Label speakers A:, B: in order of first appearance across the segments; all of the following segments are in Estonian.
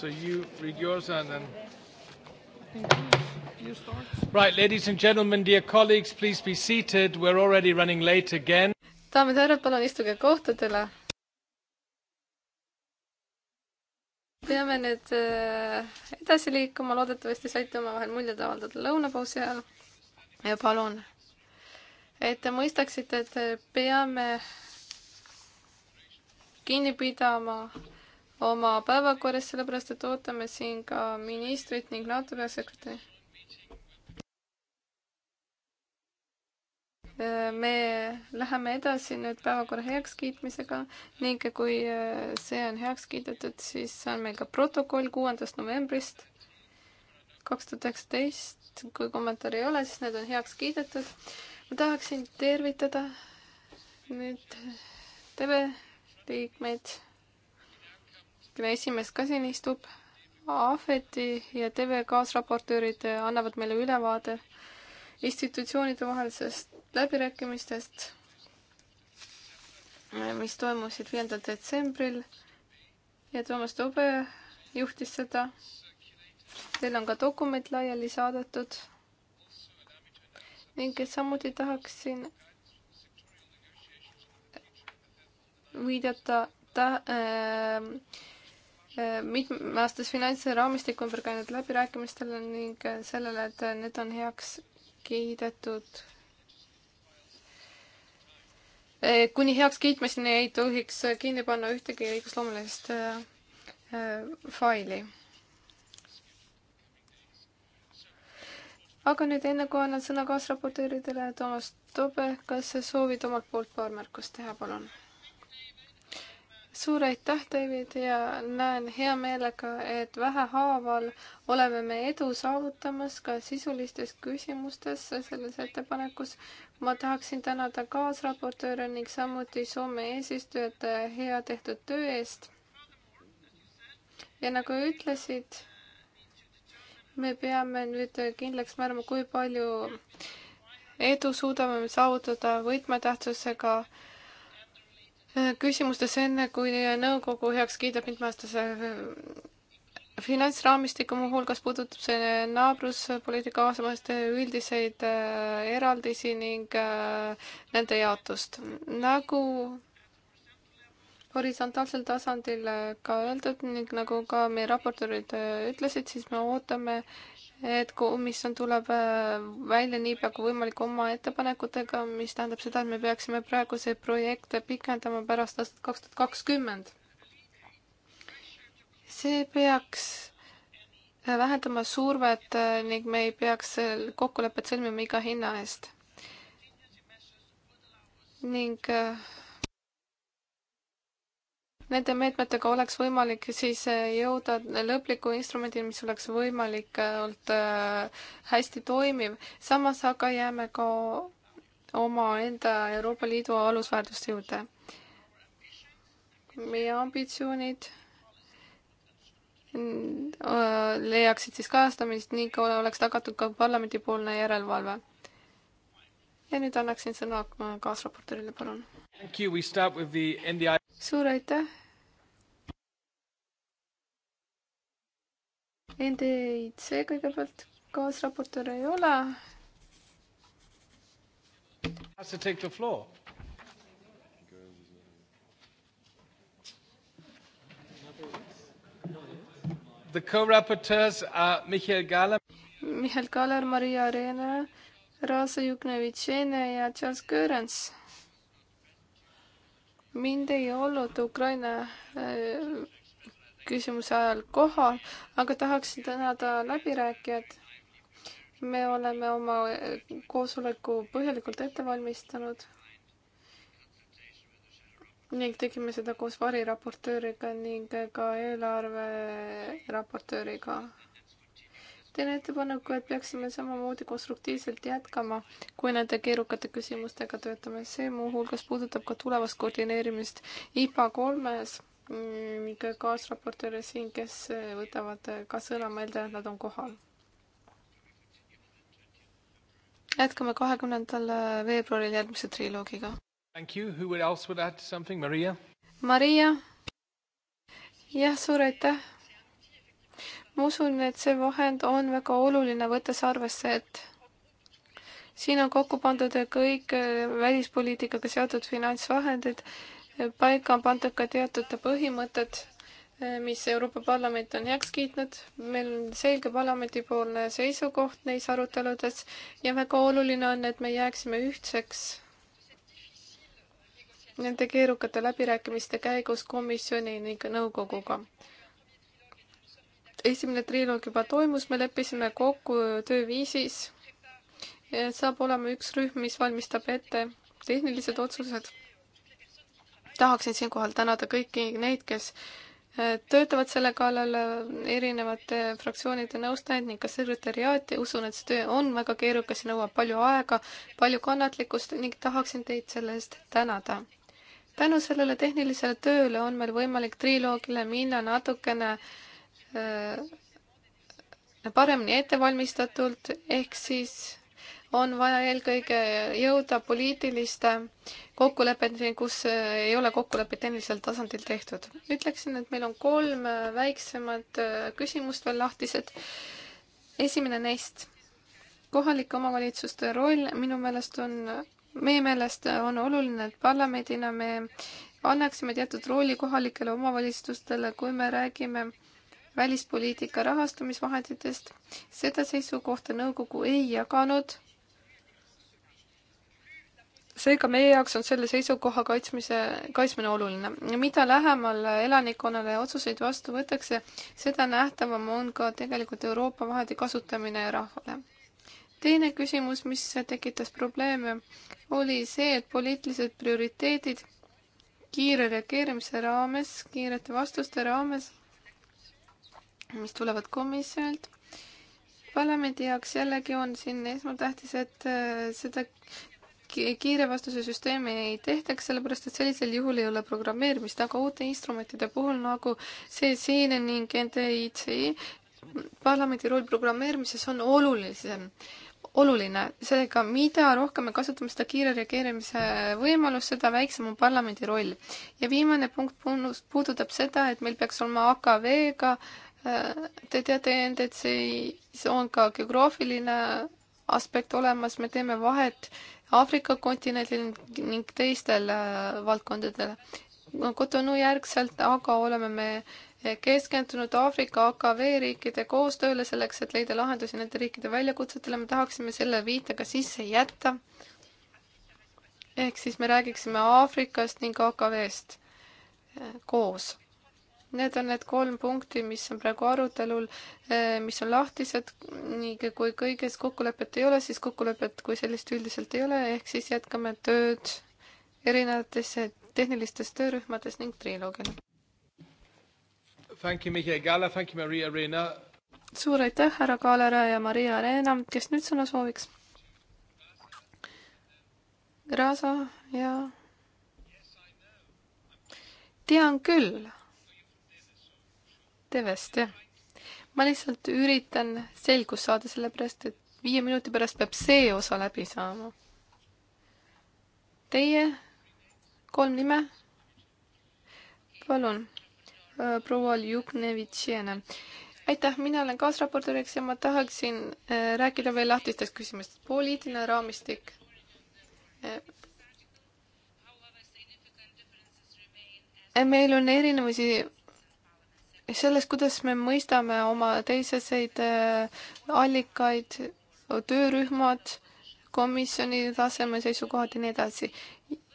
A: So you read yours and then. You start. Right, ladies and gentlemen, dear colleagues, please be seated. We're already running late again.
B: daamid ja härrad, palun istuge kohtadele. peame nüüd äh, edasi liikuma, loodetavasti saite omavahel muljeid avaldada lõunapausi ajal. ja palun, et te mõistaksite, et peame kinni pidama oma päevakorras, sellepärast et ootame siin ka ministrit ning NATO peasekretäri. me läheme edasi nüüd päevakorra heakskiitmisega ning kui äh, see on heaks kiidetud, siis on meil ka protokoll kuuendast novembrist kaks tuhat üheksateist. kui kommentaare ei ole, siis need on heaks kiidetud. ma tahaksin tervitada nüüd TV liikmeid kolmekümne esimest ka siin istub. Ahveti ja TV kaasraportöörid annavad meile ülevaade institutsioonide vahelisest läbirääkimistest, mis toimusid viiendal detsembril ja Toomas Tobe juhtis seda. Teil on ka dokument laiali saadetud ning samuti tahaksin viidata ta, äh, mitmeaastas finantsraamistik ümber käinud läbirääkimistele ning sellele, et need on heaks kiidetud. kuni heakskiitmiseni ei tohiks kinni panna ühtegi õigusloomulist äh, faili. aga nüüd enne kui annan sõna kaasraportööridele, Toomas Tobe, kas soovid omalt poolt paar märkust teha, palun? suur aitäh, David, ja näen hea meelega, et vähehaaval oleme me edu saavutamas ka sisulistes küsimustes selles ettepanekus. ma tahaksin tänada kaasraportööre ning samuti Soome eesistujat hea tehtud töö eest. ja nagu ütlesid, me peame nüüd kindlaks määrama, kui palju edu suudame me saavutada võtmetähtsusega äh, küsimustes enne, kui nõukogu heaks kiidab mitmeaastase äh, finantsraamistiku, muuhulgas puudutab see naabruspoliitika kaasamiste üldiseid äh, eraldisi ning äh, nende jaotust. nagu horisontaalsel tasandil ka öeldud ning nagu ka meie raportöörid ütlesid, siis me ootame et komisjon tuleb äh, välja niipea kui võimalik oma ettepanekutega, mis tähendab seda, et me peaksime praeguseid projekte pikendama pärast aastat kaks tuhat kakskümmend. see peaks äh, vähendama survet äh, ning me ei peaks kokkulepet sõlmima iga hinna eest. ning Nende meetmetega oleks võimalik siis äh, jõuda lõpliku instrumendini, mis oleks võimalikult äh, hästi toimiv. samas aga jääme ka omaenda Euroopa Liidu alusväärtuste juurde. meie ambitsioonid mm, äh, leiaksid siis kajastamist ning oleks tagatud ka parlamendipoolne järelevalve. ja nüüd annaksin sõna kaasraportöörile, palun. suur aitäh, NDIC kõigepealt kaasraportöör ei ole.
A: Has to take the floor. The co-rapporteurs are Michael Galler.
B: Michael Galler, Maria Arena, Raasa Juknevitšene ja Charles Görens. mind ei olnud Ukraina äh, küsimuse ajal kohal, aga tahaksin tänada läbirääkijad. me oleme oma koosoleku põhjalikult ette valmistanud ning tegime seda koos variraportööriga ning ka eelarve raportööriga. teen ettepaneku, et peaksime samamoodi konstruktiivselt jätkama, kui nende keerukate küsimustega töötame, see muuhulgas puudutab ka tulevast koordineerimist IPA kolmes Mm, ka kaasraportööre siin, kes eh, võtavad eh, ka sõna, ma eeldan, et nad on kohal. jätkame kahekümnendal eh, veebruaril järgmise triloogiga. Maria? Maria? jah, suur aitäh. ma usun, et see vahend on väga oluline, võttes arvesse, et siin on kokku pandud kõik välispoliitikaga seotud finantsvahendid paika on pandud ka teatud põhimõtted, eh, mis Euroopa Parlament on heaks kiitnud. meil on selge parlamendipoolne seisukoht neis aruteludes ja väga oluline on, et me jääksime ühtseks nende keerukate läbirääkimiste käigus komisjoni ning nõukoguga. esimene triloog juba toimus, me leppisime kokku tööviisis. saab olema üks rühm, mis valmistab ette tehnilised otsused tahaksin siinkohal tänada kõiki neid, kes äh, töötavad selle kallal äh, erinevate fraktsioonide nõustajaid ning ka sekretäriaati. usun, et see töö on väga keerukas ja nõuab palju aega, palju kannatlikkust ning tahaksin teid selle eest tänada. tänu sellele tehnilisele tööle on meil võimalik triloogile minna natukene äh, paremini ettevalmistatult, ehk siis on vaja eelkõige jõuda poliitiliste kokkulepeteni, kus ei ole kokkulepet tehnilisel tasandil tehtud. ütleksin, et meil on kolm väiksemat äh, küsimust veel lahtised. esimene neist, kohalike omavalitsuste roll minu meelest on, meie meelest on oluline, et parlamendina me annaksime teatud rooli kohalikele omavalitsustele, kui me räägime välispoliitika rahastamisvahenditest. seda seisukohta nõukogu ei jaganud seega meie jaoks on selle seisukoha kaitsmise, kaitsmine oluline. mida lähemal elanikkonnale otsuseid vastu võetakse, seda nähtavam on ka tegelikult Euroopa vahendi kasutamine rahvale. teine küsimus, mis tekitas probleeme, oli see, et poliitilised prioriteedid kiire reageerimise raames, kiirete vastuste raames, mis tulevad komisjonilt parlamendi jaoks jällegi on siin esmatähtis, et äh, seda kiire vastuse süsteemi ei tehtaks, sellepärast et sellisel juhul ei ole programmeerimist, aga uute instrumentide puhul nagu see siin ning NDIC, parlamendi roll programmeerimises on olulisem, oluline. seega, mida rohkem me kasutame seda kiire reageerimise võimalust, seda väiksem on parlamendi roll. ja viimane punkt puudutab seda, et meil peaks olema AKV-ga, äh, te teate, NDC-s on ka geograafiline aspekt olemas, me teeme vahet Aafrika kontinendil ning teistel äh, valdkondadel. Cotonou järgselt aga oleme me keskendunud Aafrika AKV riikide koostööle selleks, et leida lahendusi nende riikide väljakutsetele, me tahaksime selle viite ka sisse jätta. ehk siis me räägiksime Aafrikast ning AKV-st äh, koos Need on need kolm punkti, mis on praegu arutelul, eh, mis on lahtised, nii kui kõiges kokkulepet ei ole, siis kokkulepet kui sellist üldiselt ei ole, ehk siis jätkame tööd erinevates tehnilistes töörühmades ning triloogina.
A: Thank you, Mihhail Gala, thank you, Maria Reena.
B: suur aitäh, härra Kaalera ja Maria Reena, kes nüüd sõna sooviks? Rasa ja tean küll TV-st, jah. ma lihtsalt üritan selgust saada, sellepärast et viie minuti pärast peab see osa läbi saama. Teie kolm nime? palun, äh, proua Ljuknevitšena. aitäh, mina olen kaasraportööriks ja ma tahaksin äh, rääkida veel lahtistest küsimustest. poliitiline raamistik äh, meil on erinevusi selles, kuidas me mõistame oma teiseseid äh, allikaid, töörühmad, komisjoni taseme seisukohad ja nii edasi.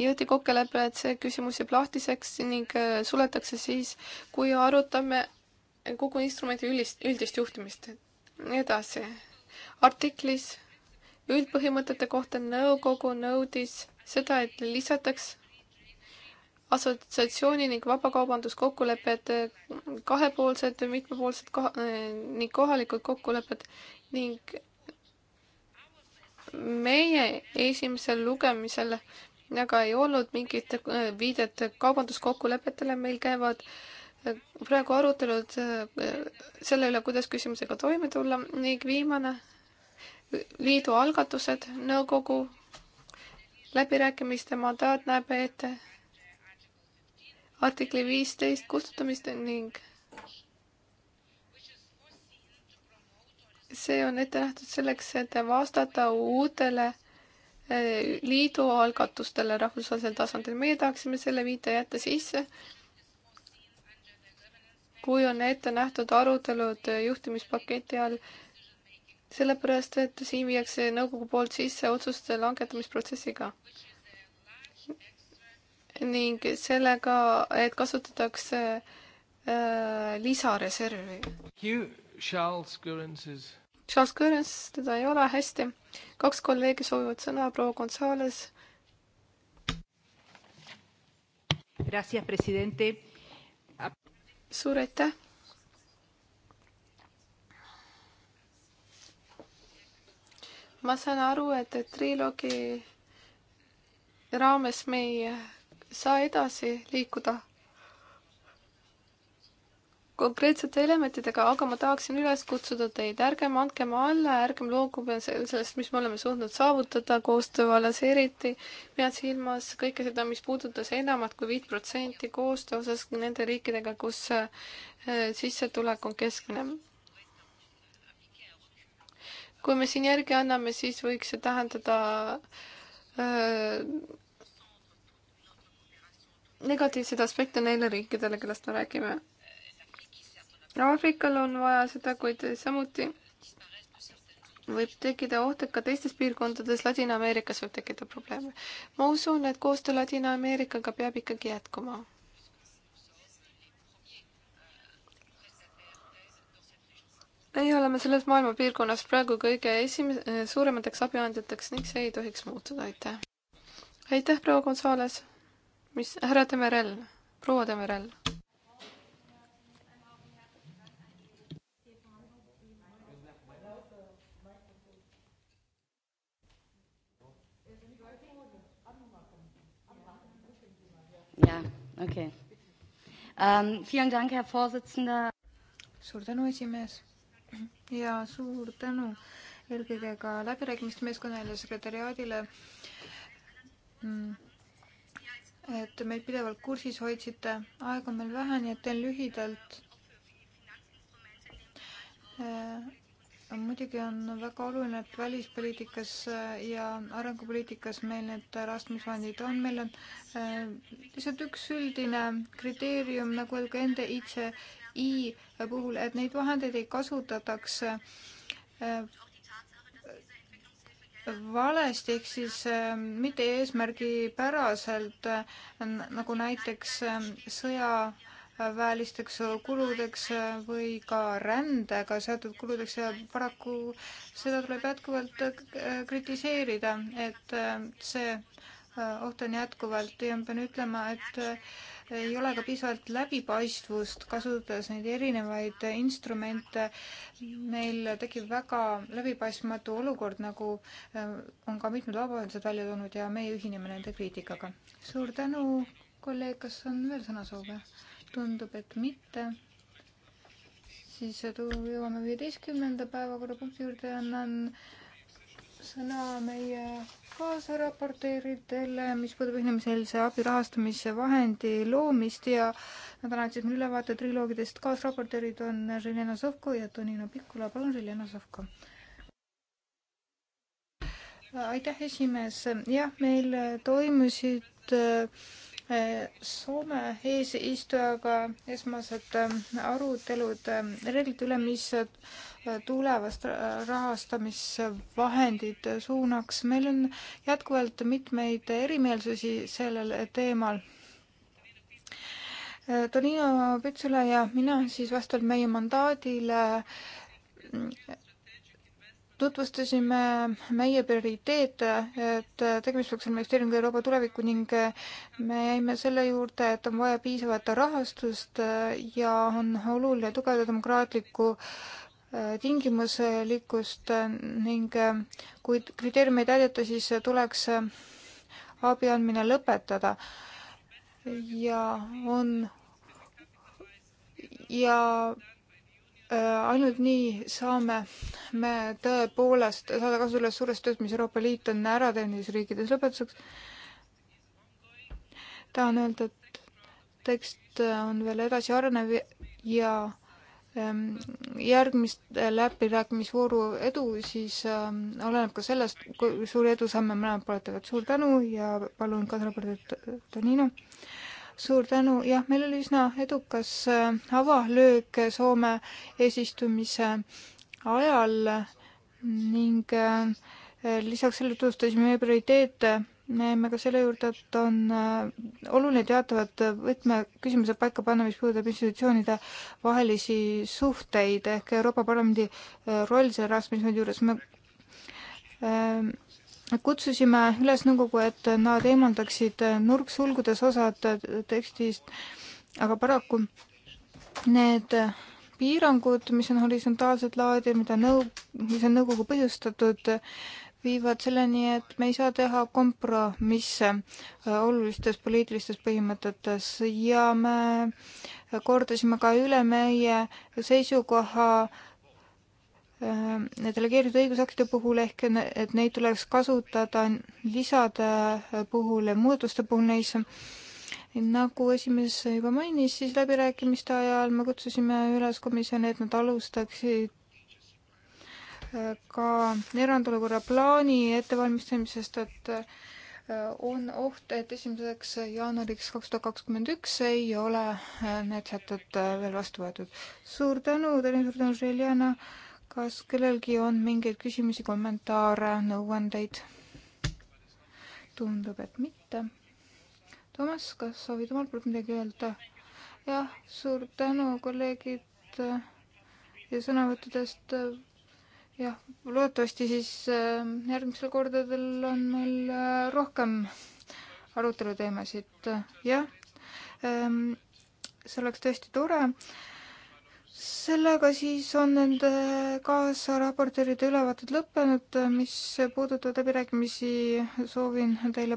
B: jõuti kokkuleppele, et see küsimus jääb lahtiseks ning äh, suletakse siis, kui arutame kogu instrumendi üldist, üldist juhtimist. edasi, artiklis üldpõhimõtete kohta nõukogu nõudis seda, et lisataks assotsiatsiooni ning vabakaubanduskokkulepped, kahepoolsed, mitmepoolsed ka- eh, ning kohalikud kokkulepped ning meie esimesel lugemisel aga ei olnud mingit eh, viidet kaubanduskokkulepetele, meil käivad eh, praegu arutelud selle üle, kuidas küsimusega toime tulla ning viimane liidu algatused, nõukogu läbirääkimiste mandaat näeb ette artikli viisteist kustutamist ning see on ette nähtud selleks, et vastata uutele eh, liidu algatustele rahvusvahelisel tasandil. meie tahaksime selle viite jätta sisse, kui on ette nähtud arutelud juhtimispaketi all, sellepärast et siin viiakse nõukogu poolt sisse otsuste langetamisprotsessi ka ning sellega, et kasutatakse äh, lisareservi.
A: Charles Currences.
B: Charles Currens, teda ei ole, hästi. kaks kolleegi soovivad sõna, proua Gonzales. suur aitäh. ma saan aru, et, et triloogi raames me ei saa edasi liikuda konkreetsete elementidega, aga ma tahaksin üles kutsuda teid, ärgem andkem alla, ärgem loobugem sellest, mis me oleme suutnud saavutada koostöö vallas, eriti pean silmas kõike seda, mis puudutas enamat kui viit protsenti koostöö osas nende riikidega, kus äh, sissetulek on keskmine. kui me siin järgi anname, siis võiks see tähendada öö, äh, negatiivseid aspekte neile riikidele, kellest me räägime. Aafrikal on vaja seda, kuid samuti võib tekkida oht, et ka teistes piirkondades Ladina-Ameerikas võib tekkida probleeme. ma usun, et koostöö Ladina-Ameerikaga peab ikkagi jätkuma. meie oleme selles maailma piirkonnas praegu kõige esim-, suuremateks abiandjateks ning see ei tohiks muutuda, aitäh. aitäh, proua Gonzales mis, härra Demerel, proua Demerel.
A: jah, okei okay. um,. Vielen Dank, Herr Vorsitzender. suur tänu, esimees. ja suur tänu eelkõige ka läbirääkimiste meeskonnale ja sekretäriaadile mm et meid pidevalt kursis hoidsite. aega on meil vähe, nii et teen lühidalt. Äh, muidugi on väga oluline, et välispoliitikas äh, ja arengupoliitikas meil need rahastamisvahendid on, meil on äh, lihtsalt üks üldine kriteerium nagu ka NDICI puhul, et neid vahendeid ei kasutataks valesti, ehk siis ähm, mitte eesmärgipäraselt, äh, nagu näiteks ähm, sõjaväelisteks kuludeks äh, või ka rändega seotud kuludeks ja paraku seda tuleb jätkuvalt äh, kritiseerida, et see Äh, oht on jätkuvalt ja ma pean ütlema, et äh, ei ole ka piisavalt läbipaistvust, kasutades neid erinevaid äh, instrumente. meil tekib väga läbipaistmatu olukord, nagu on ka mitmed vabaühendused välja toonud ja meie ühineme nende kriitikaga. suur tänu, kolleeg, kas on veel sõnasoove? tundub, et mitte. siis jõuame viieteistkümnenda päevakorrapunkti juurde ja annan sõna meie kaasraporteeridele, mis puudutab inimeselise abi rahastamise vahendi loomist ja nad annaksid meile ülevaate triloogidest. kaasraporteerid on Željena Sovko ja Tonino Pikula. palun, Željena Sovko. aitäh, esimees. jah, meil toimusid äh, Äh, Soome eesistujaga esmased ähm, arutelud ähm, reeglite üle, mis äh, tulevast rahastamisvahendid suunaks. meil on jätkuvalt mitmeid erimeelsusi sellel teemal. Äh, Tonino Pitsula ja mina siis vastavalt meie mandaadile mm, tutvustasime meie prioriteete, et tegemist peaks olema investeering Euroopa tulevikku ning me jäime selle juurde, et on vaja piisavat rahastust ja on oluline tugevda demokraatlikku äh, tingimuslikkust ning äh, kui kriteeriumeid täideta, siis tuleks äh, abi andmine lõpetada. ja on ja Äh, ainult nii saame me tõepoolest saada kasu sellest suurest tööst, mis Euroopa Liit on ära teinud neis riikides. lõpetuseks tahan öelda, et tekst äh, on veel edasi arenev ja ähm, järgmist äh, läbirääkimisvooru edu siis äh, oleneb ka sellest, kui suuri edusamme mõlemad pooled teevad. suur tänu ja palun kaasa raportit Tonino suur tänu, jah, meil oli üsna edukas äh, avalöök Soome eesistumise ajal ning äh, lisaks sellele tutvustasime meie prioriteete me jääme ka selle juurde, et on äh, oluline teatavad võtmeküsimused paika panna, mis puudutab institutsioonide vahelisi suhteid ehk Euroopa Parlamendi roll selle Rasmusfondi juures. me kutsusime üles nõukogu, et nad eemaldaksid nurksulgudes osad tekstist, aga paraku need piirangud, mis on horisontaalsed laadi, mida nõu-, mis on nõukogu põhjustatud, viivad selleni, et me ei saa teha kompromisse olulistes poliitilistes põhimõtetes ja me kordasime ka üle meie seisukoha äh, Äh, delegeeritud õigusaktide puhul ehk et neid tuleks kasutada lisade äh, puhul ja muudatuste puhul neis. nagu esimees juba mainis, siis läbirääkimiste ajal me kutsusime üles komisjoni, et nad alustaksid äh, ka erandolukorra plaani ettevalmistamisest, et on oht, et esimeseks jaanuariks kaks tuhat kakskümmend üks ei ole need sätted veel vastu võetud. suur tänu, Tõnis Urdan, Željana kas kellelgi on mingeid küsimusi, kommentaare, nõuandeid? tundub, et mitte. Toomas, kas soovid omalt poolt midagi öelda? jah, suur tänu, kolleegid ja sõnavõttudest. jah, loodetavasti siis äh, järgmistel kordadel on meil äh, rohkem aruteluteemasid, jah. Ähm, see oleks tõesti tore sellega siis on nende kaasraportööride ülevaated lõppenud, mis puudutab läbirääkimisi, soovin teile